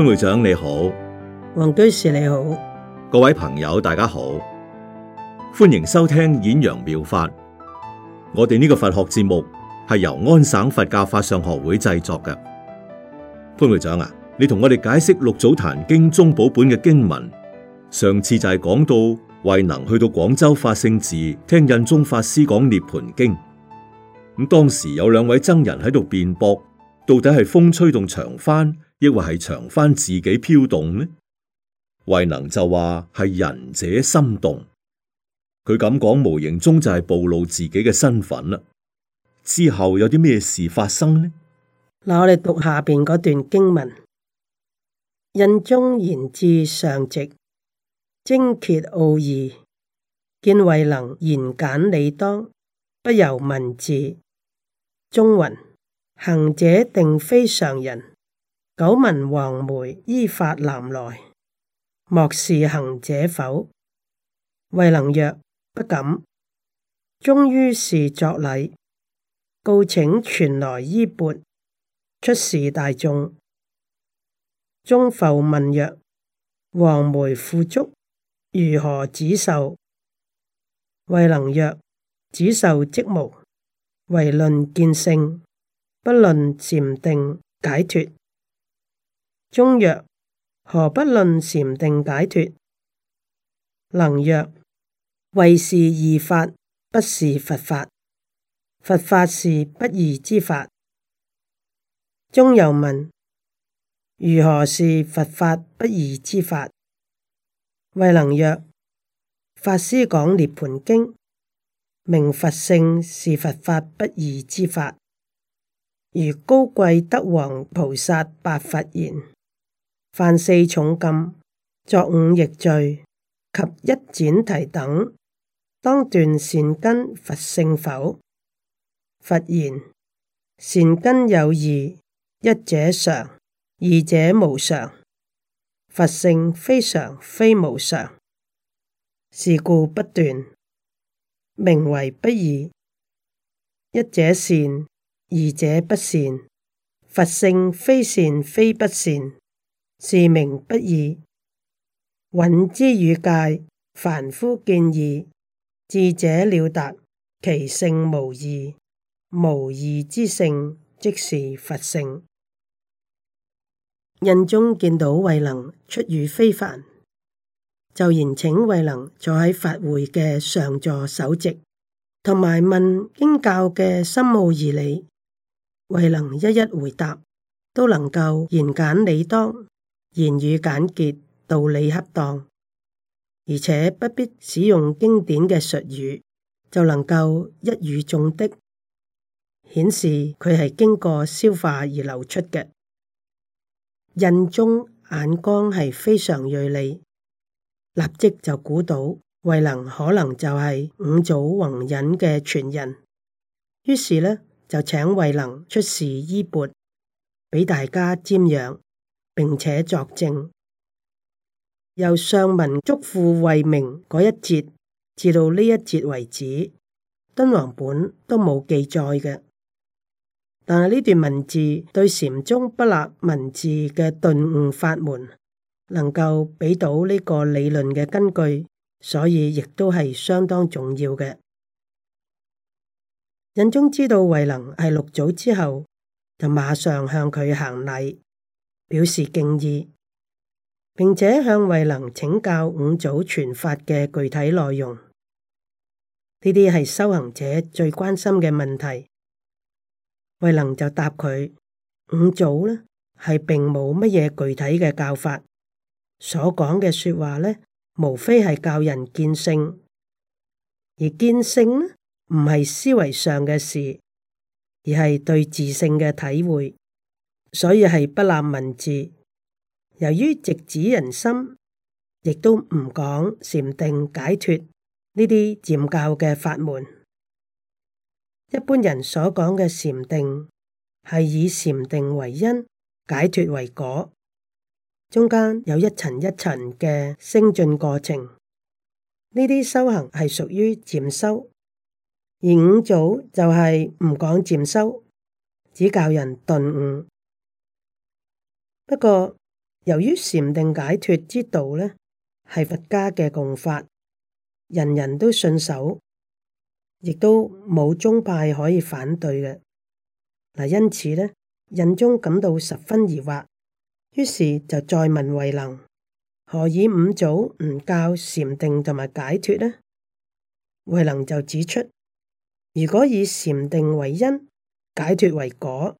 潘會長你好，王居士你好，各位朋友大家好，歡迎收聽演揚妙、妙法。我哋呢個佛學節目係由安省佛教法上學會製作嘅。潘會長啊，你同我哋解釋六祖壇經中寶本嘅經文。上次就係講到慧能去到廣州法性寺聽印宗法師講涅槃經，咁當時有兩位僧人喺度辯駁，到底係風吹動長幡。抑或係長翻自己飄動呢？慧能就話係仁者心動，佢咁講無形中就係暴露自己嘅身份啦。之後有啲咩事發生呢？嗱，我哋讀下邊嗰段經文：印宗言至上席，精切奧義，見慧能言簡理當，不由文字。宗云：行者定非常人。久聞黃梅依法南來，莫是行者否？惠能曰：不敢。終於是作禮，告請傳來衣鉢，出示大衆。中浮問曰：黃梅富足，如何止受？惠能曰：止受即無，唯論見性，不論禪定解脱。中曰：何不論禪定解脫？能曰：為是二法，不是佛法。佛法是不二之法。中又問：如何是佛法不二之法？為能曰：法師講涅槃經，明佛性是佛法不二之法。如高貴德王菩薩白佛言。犯四重禁，作五逆罪及一闡提等，當斷善根佛性否？佛言：善根有二，一者常，二者無常。佛性非常非無常，是故不斷，名為不二。一者善，二者不善，佛性非善非不善。是名不二，蘊之與界，凡夫見異，智者了達，其性無異。無異之性，即是佛性。印宗見到慧能出語非凡，就延請慧能坐喺法會嘅上座首席，同埋問經教嘅深奧義理，慧能一一回答，都能夠言簡理當。言語簡潔，道理恰當，而且不必使用經典嘅術語，就能夠一語中的，顯示佢係經過消化而流出嘅。印宗眼光係非常銳利，立即就估到慧能可能就係五祖弘忍嘅傳人，於是呢，就請慧能出示衣缽，俾大家瞻仰。並且作證，由上文祝父為明」嗰一節至到呢一節為止，敦煌本都冇記載嘅。但係呢段文字對禪宗不立文字嘅頓悟法門，能夠俾到呢個理論嘅根據，所以亦都係相當重要嘅。印宗知道慧能係六祖之後，就馬上向佢行禮。表示敬意，並且向慧能請教五祖傳法嘅具體內容。呢啲係修行者最關心嘅問題，慧能就答佢：五祖呢，係並冇乜嘢具體嘅教法，所講嘅說話呢，無非係教人見性，而見性呢唔係思維上嘅事，而係對自性嘅體會。所以係不立文字，由於直指人心，亦都唔講禪定解脫呢啲漸教嘅法門。一般人所講嘅禪定係以禪定為因，解脫為果，中間有一層一層嘅升進過程。呢啲修行係屬於漸修，而五祖就係唔講漸修，只教人頓悟。不過，由於禪定解脫之道咧係佛家嘅共法，人人都信守，亦都冇宗派可以反對嘅。嗱，因此呢，印宗感到十分疑惑，於是就再問慧能：何以五祖唔教禪定同埋解脫呢？慧能就指出：如果以禪定為因，解脫為果。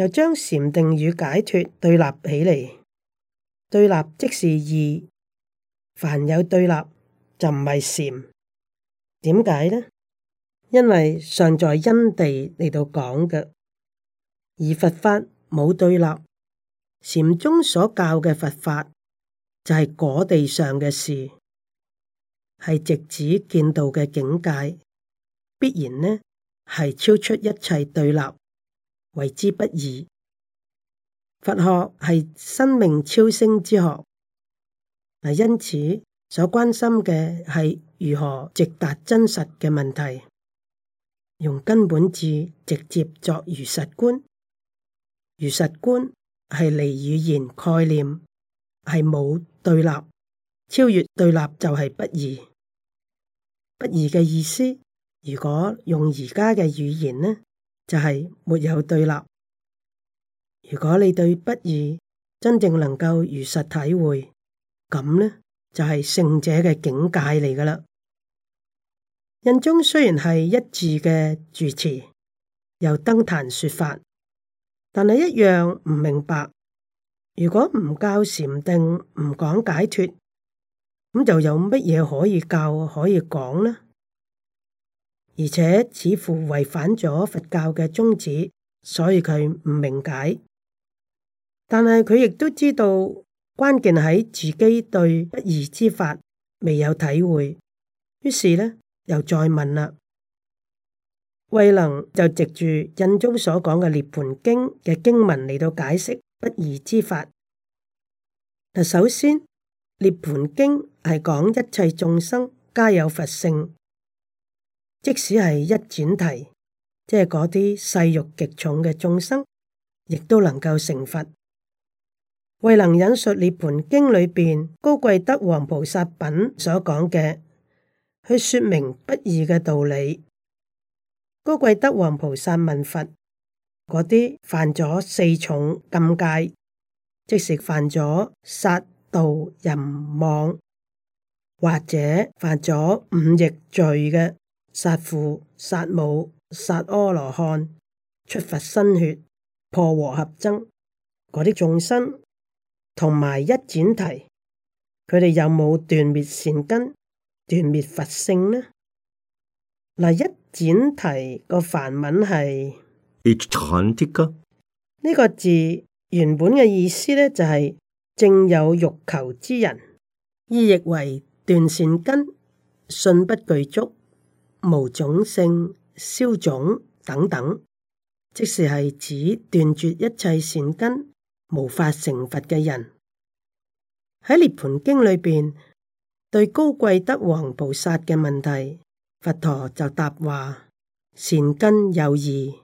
就將禪定與解脫對立起嚟，對立即是二。凡有對立就唔係禪。點解呢？因為尚在因地嚟到講嘅，而佛法冇對立。禪宗所教嘅佛法就係果地上嘅事，係直指見到嘅境界，必然呢係超出一切對立。為之不易，佛學係生命超升之學，因此所關心嘅係如何直達真實嘅問題，用根本智直接作如實觀。如實觀係離語言概念，係冇對立，超越對立就係不易。不易嘅意思，如果用而家嘅語言呢？就係沒有對立。如果你對不二真正能夠如實體會，咁呢就係、是、聖者嘅境界嚟㗎喇。印中雖然係一致嘅住持，又登壇說法，但係一樣唔明白。如果唔教禪定，唔講解脫，咁就有乜嘢可以教可以講呢？而且似乎違反咗佛教嘅宗旨，所以佢唔明解。但係佢亦都知道關鍵喺自己對不二之法未有體會，於是呢，又再問啦。慧能就藉住印宗所講嘅《涅槃經》嘅經文嚟到解釋不二之法。嗱，首先《涅槃經》係講一切眾生皆有佛性。即使係一闡提，即係嗰啲細肉極重嘅眾生，亦都能夠成佛。為能引述《涅槃經》裏邊高貴德王菩薩品所講嘅，去說明不易嘅道理。高貴德王菩薩問佛：嗰啲犯咗四重禁戒，即係犯咗殺盜淫妄，或者犯咗五逆罪嘅？殺父、殺母、殺阿羅漢，出佛身血，破和合僧。嗰啲眾生同埋一闡提，佢哋有冇斷滅善根、斷滅佛性呢？嗱，一闡提個梵文係，呢個字原本嘅意思咧就係正有欲求之人，意譯為斷善根、信不具足。無種性、消種等等，即是係指斷絕一切善根，無法成佛嘅人。喺《涅槃經》裏邊，對高貴德王菩薩嘅問題，佛陀就答話：善根有二，一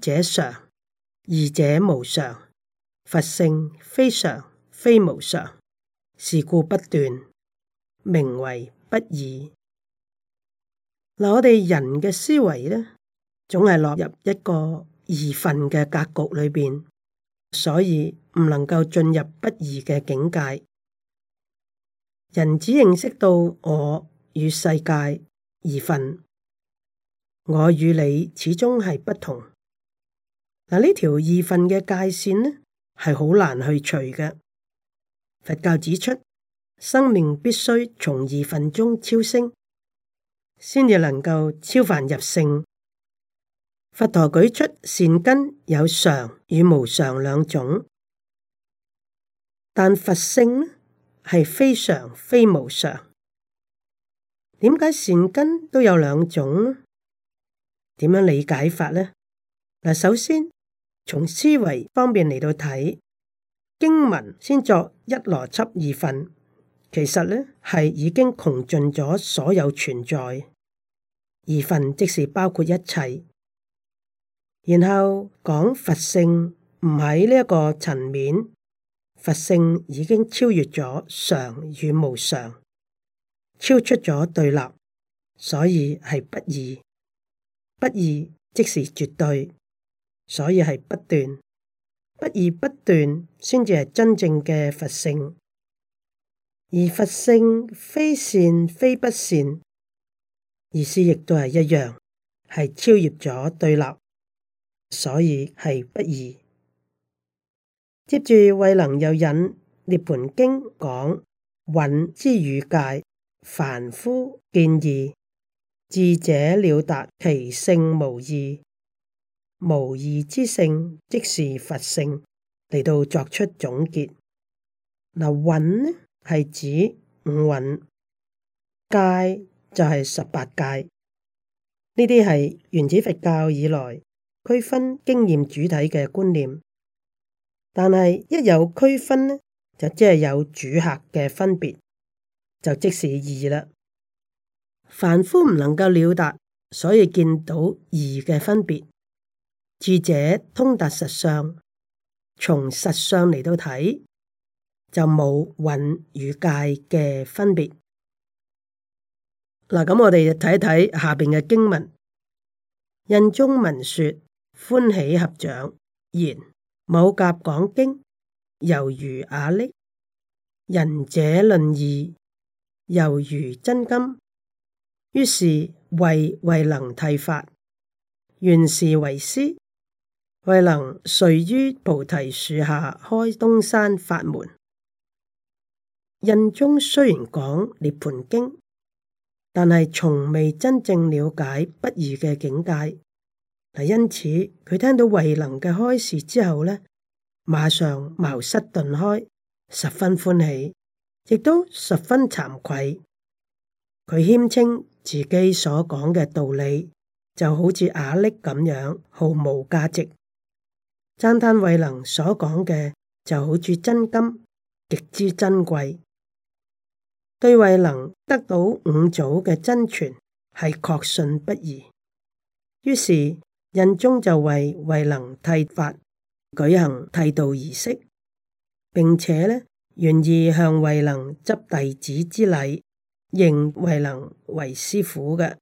者常，二者無常。佛性非常非無常，是故不斷，名為不二。嗱，我哋人嘅思維咧，總係落入一個二分嘅格局裏邊，所以唔能夠進入不二嘅境界。人只認識到我與世界二分，我與你始終係不同。嗱，呢條二分嘅界綫咧，係好難去除嘅。佛教指出，生命必須從二分中超升。先至能夠超凡入聖。佛陀舉出善根有常與無常兩種，但佛性呢係非常非無常。點解善根都有兩種呢？點樣理解法呢？嗱，首先從思維方面嚟到睇經文，先作一邏輯二分。其實呢，係已經窮盡咗所有存在，而佛即是包括一切。然後講佛性唔喺呢一個層面，佛性已經超越咗常與無常，超出咗對立，所以係不二。不二即是絕對，所以係不斷。不二不斷先至係真正嘅佛性。而佛性非善非不善，意思亦都係一樣，係超越咗對立，所以係不二。接住慧能又引《涅槃經》講蘊之與界，凡夫見二，智者了達其性無二，無二之性即是佛性，嚟到作出總結。嗱，蘊呢？係指五蘊，界就係十八界，呢啲係原始佛教以來區分經驗主體嘅觀念。但係一有區分呢，就即係有主客嘅分別，就即是二啦。凡夫唔能夠了達，所以見到二嘅分別。智者通達實相，從實相嚟到睇。就冇韻與界嘅分別。嗱，咁我哋睇睇下邊嘅經文。印中文說歡喜合掌言：某甲講經，猶如瓦礫；仁者論義，猶如真金。於是為未能剃髮，原是為師，未能遂於菩提樹下開東山法門。印中雖然講涅槃經，但係從未真正了解不二嘅境界。嗱，因此佢聽到慧能嘅開示之後呢馬上茅塞頓開，十分歡喜，亦都十分慚愧。佢謙稱自己所講嘅道理就好似瓦礫咁樣，毫無價值；讚嘆慧能所講嘅就好似真金，極之珍貴。對慧能得到五祖嘅真傳係確信不疑，於是印宗就為慧能剃髮，舉行剃度儀式，並且呢願意向慧能執弟子之禮，認慧能為師父嘅。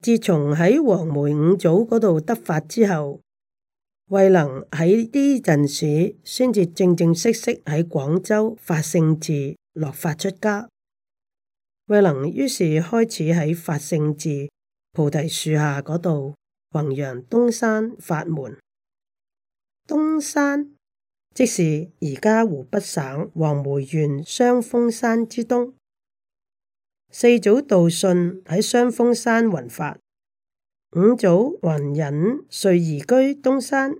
自從喺黃梅五祖嗰度得法之後，慧能喺呢陣時先至正正式式喺廣州法性寺。落髮出家，慧能於是開始喺法性寺菩提樹下嗰度弘揚東山法門。東山即是而家湖北省黃梅縣雙峰山之東。四祖道信喺雙峰山弘法，五祖弘忍遂移居東山，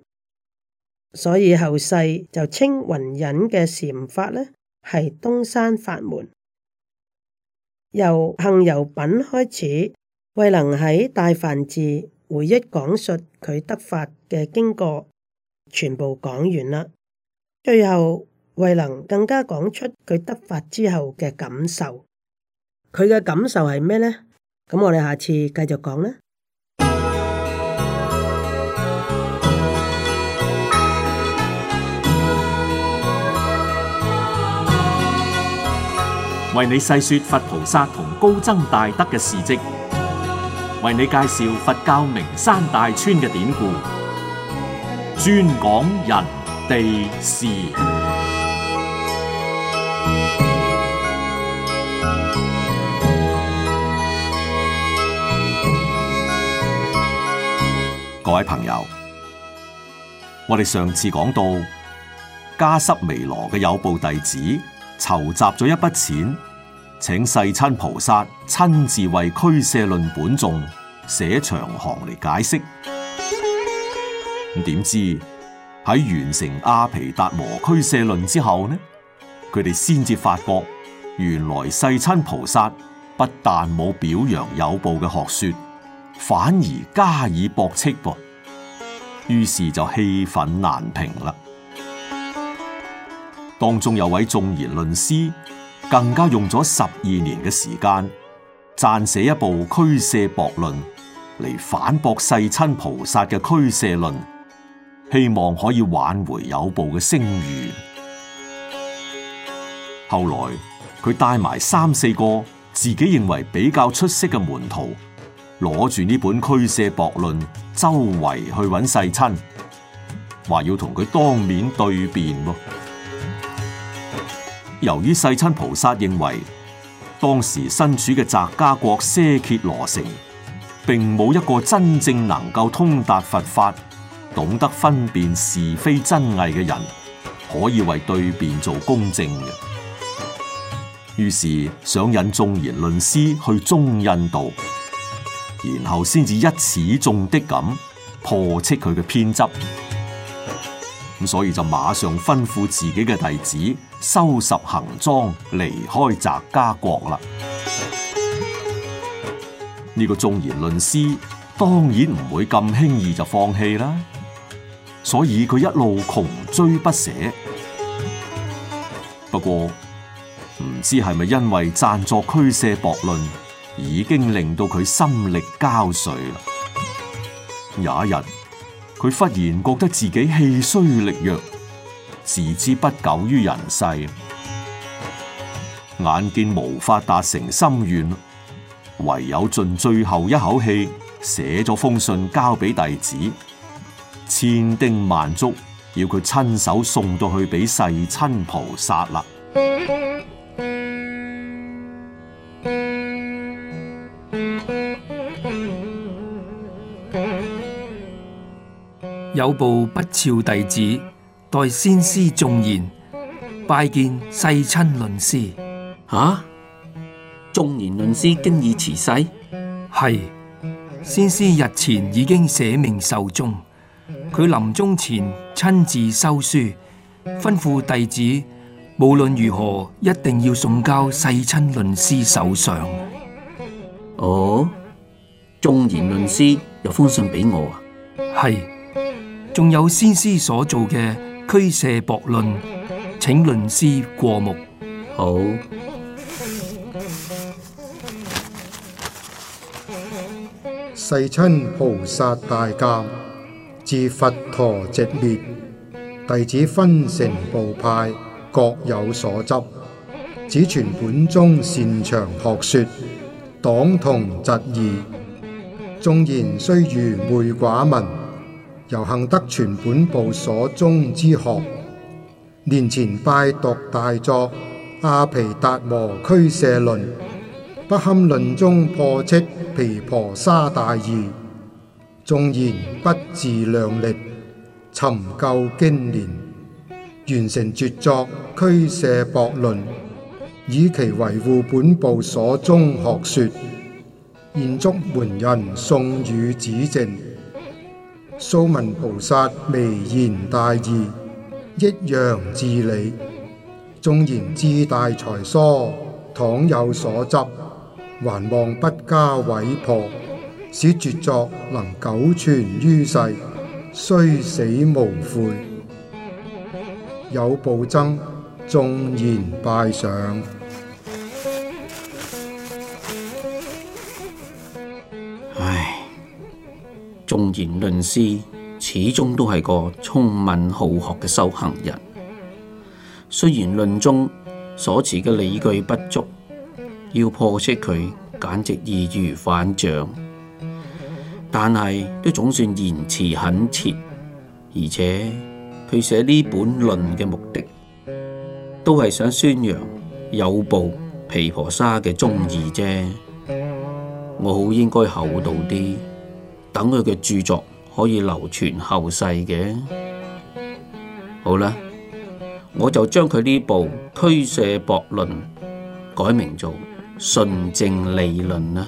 所以後世就稱弘忍嘅禪法呢，係東山法門，由行由品開始。慧能喺大梵寺回憶講述佢得法嘅經過，全部講完啦。最後，慧能更加講出佢得法之後嘅感受。佢嘅感受係咩呢？咁我哋下次繼續講啦。為你細說佛菩薩同高僧大德嘅事跡，為你介紹佛教名山大川嘅典故，專講人地事。各位朋友，我哋上次講到加濕彌羅嘅有部弟子，籌集咗一筆錢，請世親菩薩親自為《俱舍論》本頌寫長行嚟解釋。咁點知喺完成阿毗達摩《俱舍論》之後呢，佢哋先至發覺，原來世親菩薩不但冇表揚有部嘅學說，反而加以駁斥噃。於是就氣憤難平啦。當中有位眾賢論師，更加用咗十二年嘅時間，撰寫一部《俱舍雹論》嚟反駁世親菩薩嘅《俱舍論》，希望可以挽回有部嘅聲譽。後來佢帶埋三四個自己認為比較出色嘅門徒，攞住呢本《俱舍雹論》，周圍去揾世親，話要同佢當面對辯喎。由於世親菩薩認為當時身處嘅澤家國舍揭羅城，並冇一個真正能夠通達佛法、懂得分辨是非真偽嘅人，可以為對辯做公正嘅，於是想引眾賢論師去中印度，然後先至一始眾的咁破斥佢嘅偏執。咁所以就馬上吩咐自己嘅弟子。收拾行裝離開翟家國啦！呢、這個縱言論師當然唔會咁輕易就放棄啦，所以佢一路窮追不捨。不過唔知係咪因為贊助驅射悖論，已經令到佢心力交瘁啦？有一日，佢忽然覺得自己氣衰力弱。自知不久於人世，眼見無法達成心願，唯有盡最後一口氣，寫咗封信交俾弟子，千叮萬囑，要佢親手送到去俾世親菩薩啦。有部不肖弟子。代先師仲言拜見世親論師啊，仲言論師經已辭世，係先師日前已經寫明壽終，佢臨終前親自收書，吩咐弟子無論如何一定要送交世親論師手上。哦，仲言論師有封信俾我啊，係仲有先師所做嘅。驅射薄論，請論師過目。好，世親菩薩大教自佛陀寂滅，弟子分成部派，各有所執，只傳本宗擅長學說，黨同嫉異，眾言雖愚昧寡聞。由幸得傳本部所宗之學，年前拜讀大作《阿毗達磨俱舍論》，不堪論中破斥毗婆沙大義，縱然不自量力，尋究經年，完成絕作《俱舍博論》，以其維護本部所宗學說，現足門人送與指正。素聞菩薩微言大義，益揚至理。縱然志大才疏，倘有所執，還望不加毀破，使絕作能久存於世，雖死無悔。有暴增，縱然拜上。縱言論師始終都係個聰敏好學嘅修行人，雖然論中所持嘅理據不足，要破斥佢簡直易如反掌，但係都總算言辭懇切，而且佢寫呢本論嘅目的都係想宣揚有部毗婆沙嘅宗義啫，我好應該厚道啲。等佢嘅著作可以流傳後世嘅，好啦，我就將佢呢部《俱舍雹論》改名做《順正理論》啦。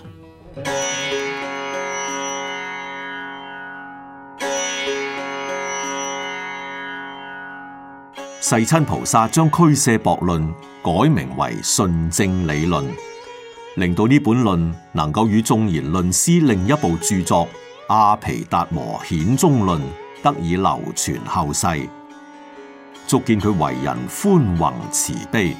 世親菩薩將《俱舍雹論》改名為《順正理論》，令到呢本論能夠與《眾賢論師》另一部著作阿毗達磨顯宗論得以流傳後世，足見佢為人寬宏慈悲。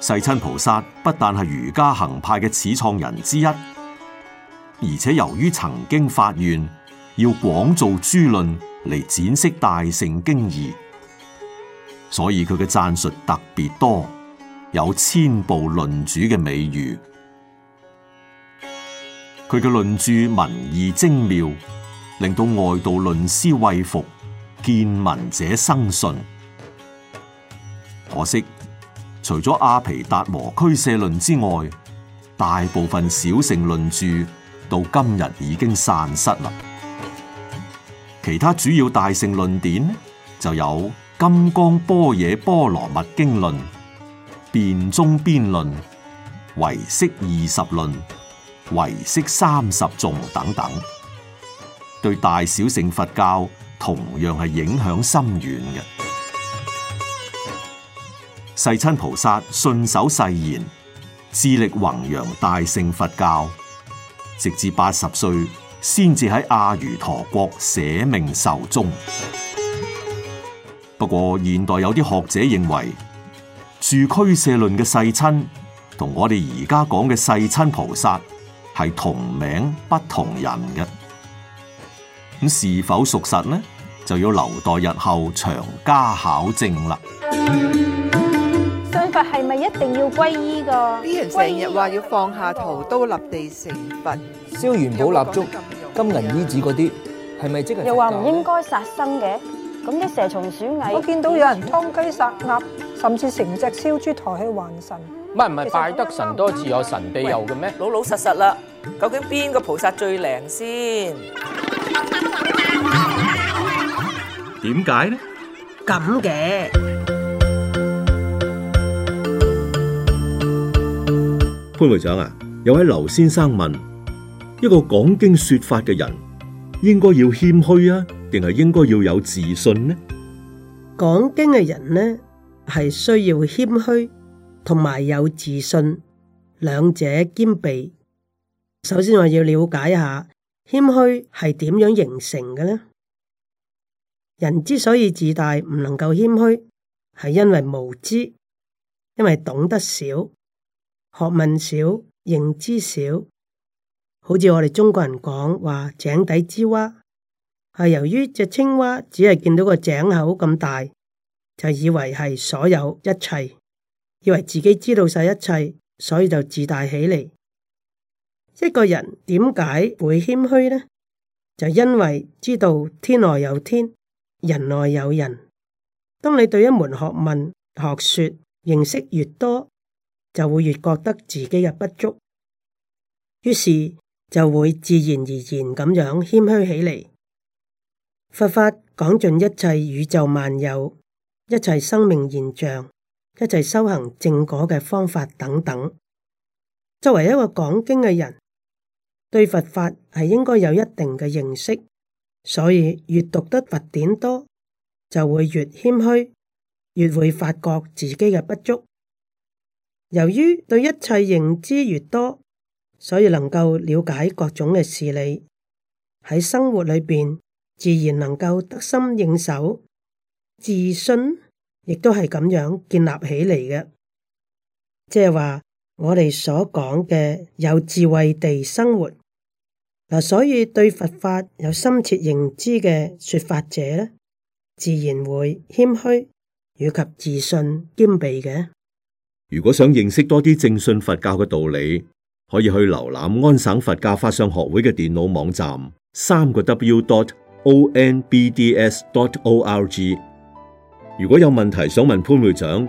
世親菩薩不但係瑜伽行派嘅始創人之一，而且由於曾經發願要廣造諸論嚟闡釋大乘經義，所以佢嘅讚述特別多，有千部論主嘅美譽。佢嘅論著文意精妙，令到外道論師畏服，見聞者生信。可惜，除咗阿毗達磨俱舍論之外，大部分小乘論著到今日已經散失啦。其他主要大乘論典就有《金剛般若波羅蜜經論》、《辯中邊論》、《唯識二十論》。唯識三十頌等等，對大小乘佛教同樣係影響深遠嘅。世親菩薩信守誓言，致力弘揚大乘佛教，直至八十歲先至喺阿瑜陀國捨命壽終。不過現代有啲學者認為，俱舍論嘅世親同我哋而家講嘅世親菩薩。係同名不同人嘅。咁是否屬實呢？就要留待日後詳加考證啦。信佛係咪一定要皈依噶？啲人成日話要放下屠刀立地成佛，燒元寶蠟燭、金銀衣紙嗰啲，係咪、啊、即係？又話唔應該殺生嘅，咁啲蛇蟲鼠蟻，我見到有人劏雞殺鴨，甚至成隻燒豬抬去還神。唔係唔係，拜得神多自有神庇佑嘅咩？老老實實啦。究竟邊個菩薩最靈先？點解呢？咁嘅潘會長啊，有位劉先生問：一個講經說法嘅人，應該要謙虛啊，定係應該要有自信呢？講經嘅人呢，係需要謙虛同埋有自信，兩者兼備。首先話要了解一下謙虛係點樣形成嘅呢？人之所以自大唔能夠謙虛，係因為無知，因為懂得少，學問少，認知少。好似我哋中國人講話井底之蛙，係由於隻青蛙只係見到個井口咁大，就以為係所有一切，以為自己知道晒一切，所以就自大起嚟。一個人點解會謙虛呢？就因為知道天外有天，人外有人。當你對一門學問、學說認識越多，就會越覺得自己嘅不足，於是就會自然而然咁樣謙虛起嚟。佛法講盡一切宇宙萬有、一切生命現象、一切修行正果嘅方法等等，作為一個講經嘅人。對佛法係應該有一定嘅認識，所以越讀得佛典多，就會越謙虛，越會發覺自己嘅不足。由於對一切認知越多，所以能夠了解各種嘅事理，喺生活裏邊自然能夠得心應手。自信亦都係咁樣建立起嚟嘅，即係話，我哋所講嘅有智慧地生活，所以對佛法有深切認知嘅說法者，自然會謙虛以及自信兼備嘅。如果想認識多啲正信佛教嘅道理，可以去瀏覽安省佛教法相學會嘅電腦網站，三個 w dot o n b d s dot o r g。如果有問題想問潘會長，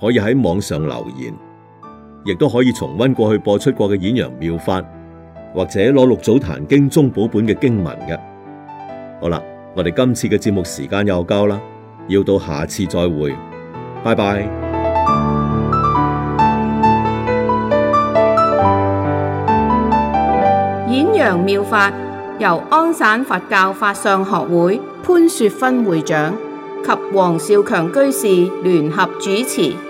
可以喺網上留言。亦都可以重溫過去播出過嘅《演揚妙法》，或者攞《六祖壇經》中寶本嘅經文嘅。好啦，我哋今次嘅節目時間又夠啦，要到下次再會，拜拜。《演揚妙法》由安省佛教法相學會潘雪芬會長及黃少強居士聯合主持。